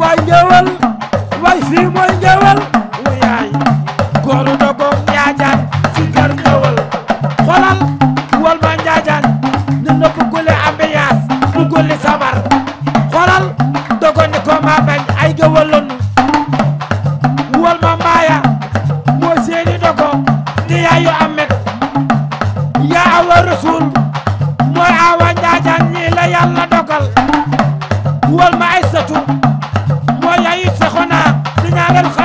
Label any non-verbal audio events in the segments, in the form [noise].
waay ngewal waay fii mooy ngewal wu gooru dogoog njaajaan si kër xolal wal ma njaajaan nu nëpp gule ambiance bu gule sabar xolal dogo ni ko ay ngewal Gracias.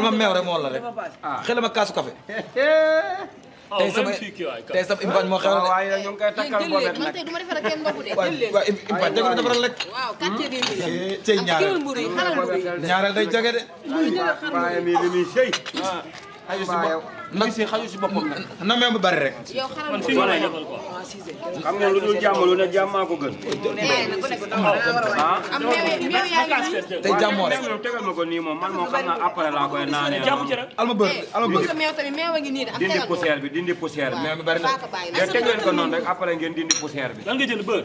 baal ma meew rek moo la rek ah. xëy ma kaasu café [laughs] oh, tey sama tey sama impañ moo xew ah, waaye nag ñu ngi koy takkal boobu nag man tey du ma defal ak kenn mbokku de waaw impañ da nga dafa rek waaw quartier bi [laughs] ci ñaareel ñaareel day jage de waaye mi li muy sëy ay ndax si xaju si boppam nag. na même bu bari rek. yow xanaa fi ma lay defal quoi. Ah, xam nga lu dul jàmmaa ko gën. ah. te jàmmoo rek. ko nii moom man moom xam naa après laa koy naanee. alma bër eh, alma bër. dindi poussière bi dindi poussière bi. mais bari na. tegal ko noonu rek après ngeen dindi poussière bi. lan nga jël bër.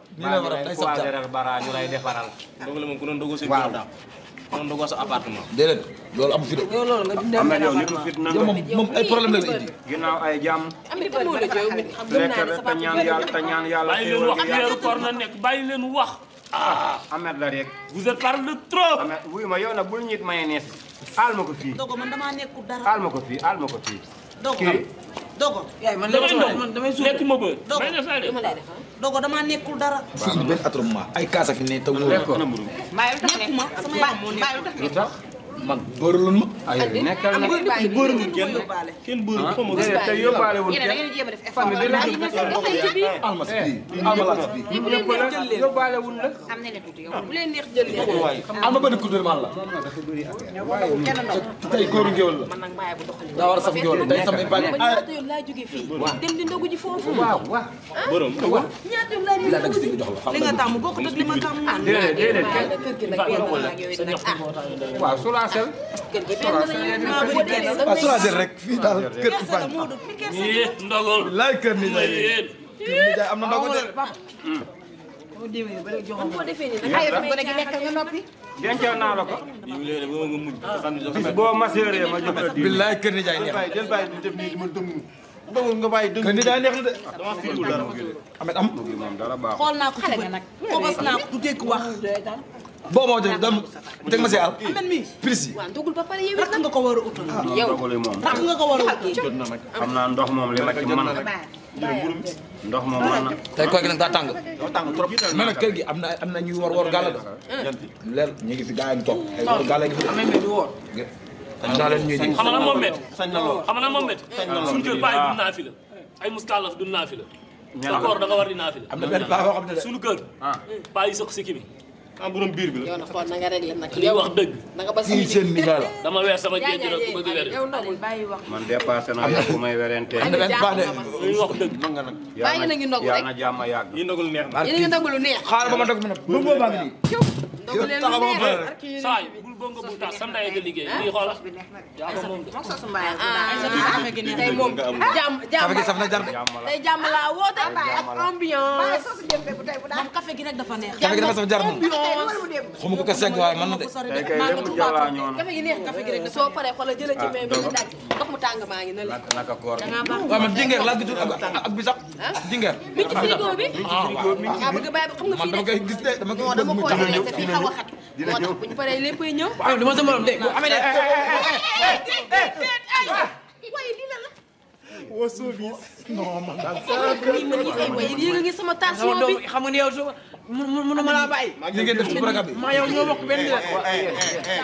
nii la war a day saf dara ñu lay defaral dogal moom ku doon dogo sa biir daal ku doon dogo sa appartement déedéet loolu amu fi de loolu nga dina am na yow nitu fit nanga moom ay problème la nga indi ginnaaw ay jàmm lekk rek te ñaan yàlla te wax weeru koor na nekk bàyyi wax ah Ahmed la rek vous êtes parle trop Ahmed ma yow nag bul ñit mayonnaise aal ma ko fii dogo man aal ma ko fii aal ma ko fii dogo yaay man damay suuf nekkuma bër nekk dama nekkul dara suñu benn attroupement ay kaasa fi ne taw nekkuma sama yaay moo man bërëluñ ma. aywa ah, nekkal na kenn bërëluñ kenn kenn bërëluñ fa ma. te yóbbaale wul kenn almas bi almas bi. yóbbaale wul nag. bu leen neex jël leen. am na benn kudur man la. tey góoru ngéwél la. daa war a saf ngéwél tey sama bàyyi. ñaata yoon laa jóge fii. dem di ndogu ji foofu. waaw waaw. Ah? bërëm waaw. ñaata yoon laa jóge fii. li nga tàmm bokkut ak li ma tàmm. déedéet déedéet. waaw soraasel. soraasel ah, rek fii daal kër gi bàyyi. yéen ndogol laay kër ni jaay kër ni jaay am na ndogu de. boo ko defee nii nag aywa gone gi lekkal nga noppi. dencal naa la ko. Ah. bis boo ma seeree ma jox la diw. billaay kër ni jaay neex na jël bàyyi def nii ma dëmm. bëggul nga bàyyi dëgg kër ni jaay neex na de. am am. ko ci bët fobos wax. boo ma wajal doon teg ma si àll. amen mi prise yi. waaw ndogul ba pare yow it nga ko war a utal. yow rakk nga ko war a utal. xam naa ndox moom li ma ci mën na. ndox moom mën na. tey koy gi nag daa tàng. daa tàng trop mais nag kër gi am na am na ñuy war war gàlla de. leer ñu ngi fi gaa ñu toog. ay war gàlla mi di woor. am naa leen ñuy dégg. xam na moom suñu kër bàyyi du naafi la ay mustaalaf du naafi la. ñaar da nga war di naafi la. am na benn baa boo suñu kër. bàyyi sa sikki ah borom biir bi la. nag xool na nga réglé nag. li wax dëgg. na a ba si seen niveau la. dama weer sama géej rek ku bëgg weer. man naa la bu may werante. am na benn wax dëgg. mën nga nag yaa na yaa na jàmm yàgg. yi ndogalu neex na. yi ngi ndogalu neex. xaaral ba ma dog ma nag. bu boobaa ngi nii. yow ndogalu neex bongo bu tax sa ndey nga liggéey lii xoolal yaa ko moom de ah, tey moom jàmm jàmm tey jàmm laa woote ak ambiance man café gi nag dafa neex café gi dafa saf jar moom xamu ko ko segg waaye man na de café gi neex café gi rek soo paree xoolal jëlee ci ah, mais mi daj ndox mu tàng maa ngi na la naka koor waaw man dingeer laa gisul ak bi sax dingeer mi ci frigo bi ah bëgg bàyyi xam nga fii dama koy gis de dama koy dama ko xaw a xat dina ñëw bu ñu paree léppay ñëw. waaw li ma sa morom de bu amee waaye lii la la. woo service. non man daal yéen a ngi sama tension bi xam nga ne yow soo mënuma laa bàyyi. li ngeen def ci programme bi maa yow ñoo bokk benn la.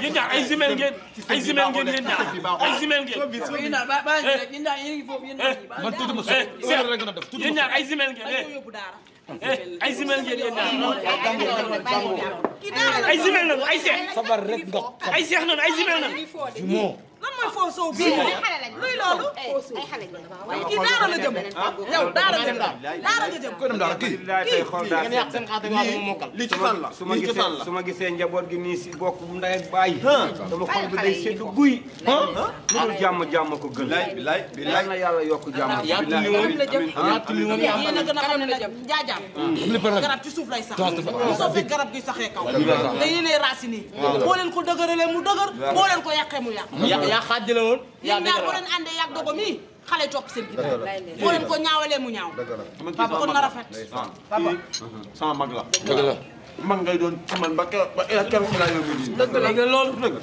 yéen ñaar ay jumel ngeen ay ngeen yéen ñaar ay jumel ngeen. yéen ñaar ba ba yéen ñaar yéen a ngi foofu yéen ñaar. man tuuti ma soo yéen ñaar ay jumel ngeen. ay zimel ngeen yéen ay zimel nañu ay seex. sabar rek ndox ay seex nañu ay zimel nañu. lan mooy foo soow bi luy loolu. Eh, ay xale ñu ne waaye kii daara la jëm. Ah, yow daara nga jëm daara nga jëm. kër daara kii kii ngeen yàq seen xaar dañu mokkal. lii ci fan la lii ci fan la su ma gisee njaboot gi nii si bokk ndey ak baay. dama xol bi day sedd guy. lu dul jàmm jàmm ko gën. bilaay bilaay bilaay na yàlla yokk jàmm. bilaay amiin amiin amiin yéen a gën a xam ne jaajaam. garab ci suuf lay sax. mosoo fekk garab gi saxee kaw. day yéenee racine yi. boo leen ko dëgëralee mu dëgër. boo leen ko yàqee mu yàq. yaa xaajale woon yaa dëgëral ande yak dogo mi xalé topp seen ginnaaw boo len ko ñaawale mu ñaaw papa kon na rafet papa sama mag la dëgg la mag ngay doon ci man ba ka ba keroog ci laa yóbbu nii dëgg la dëgg loolu deug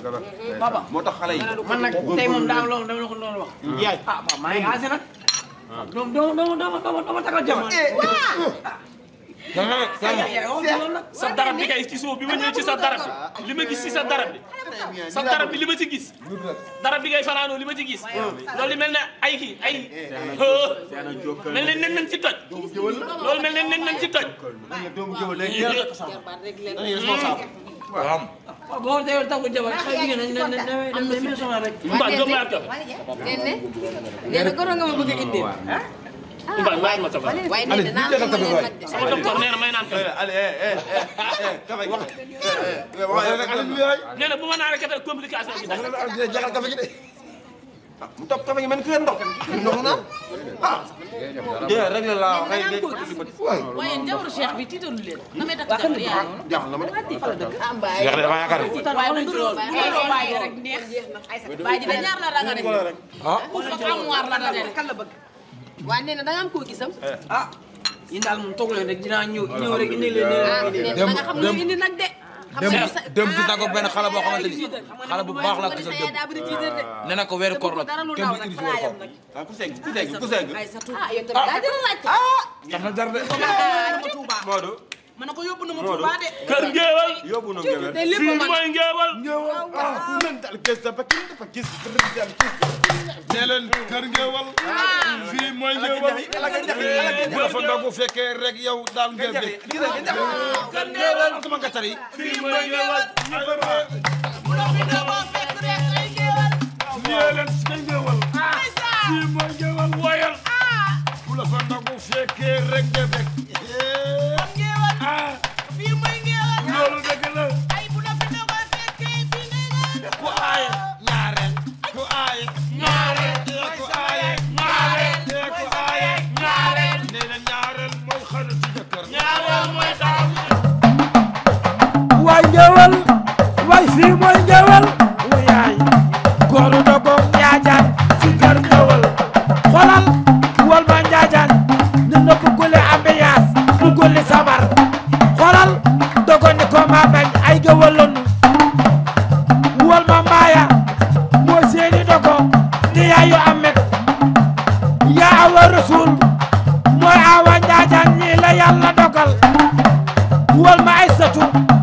papa motax xalé yi man nag tey moom daaw loolu dama la ko doon wax yaay papa may ngi nak dom dom dom dom dom dom takal jam sa dara bi kay ci so bi ma ñëw ci sa dara bi li gis ci sa dara bi sa darab bi li ma ci gis. darab bi ngay fanaanoo li ma ci gis. loolu li mel ne ay kii ay. mel ne nen nañ ci toj. loolu mel ne nen nañ ci toj. waaw. waaw boo teyoon tàggu jabar xëy na ne ne ne ne ne ne Mbaye waaye ma tabax waaye nee na naan sama docteur nee na may naan kafe. Aliou eh eh eh kafe wax nee na bu ma naanee kafe complication bi. jaxal kafe gi de mu topp kafe gi man kër ndox ndox naan ah. jërëjëf rek la laa waxee léegi waaye njaboot Cheikh bi tiitalu leen. damay dakk jafe yaa ngi jaaxal na ma de. jeex na damaa yaakaar ne. waaye bu dul bàyyi rek neex. bàyyi ji de ñaar la rek. ah. ku soog amuwaar la la de kan la bëgg. waa nee na da nga am koo gisam. Eh. ah yéen daal moom toog leen rek dinaa ñëw ñëw rek indi leen. ah dem nga xam ne indi nag de. xam nga sa dem gis naa ko benn xale boo xamante ni ah, xale bu baax la gisal ah, dem ah. nee na ko weeru koor la kenn du indi weeru koor. ah ku segg ku segg ku segg. ah yéen tamit daa jël laajte. ah tax na jar de. [laughs] Modou. ma ne ko yóbbu na ma Touba de. kër Ngéwal. yóbbu na Ngéwal fii mooy Ngéwal. Ngéwal oh, ah ku leen dal gis dafa kii dafa gis. nee leen kër Ngéwal. Ah. fii mooy Ngéwal. bu la fa ndogu fekkee rek yow daal ngeen de. Ah. kër Ngéwal sama gàttal yi. fii mooy Ngéwal. nee leen kër Ngéwal. fii mooy Ngéwal woyal. Ah. bu la fa ndogu fekkee rek. bu golli samar xoolal dogondi ko ma ay gawalonu wol ma mbaaya moo seeni dogo ni yaayu amet yaa awa rasul mooy awa njaajaan ñii la yàlla dogal wol ay satu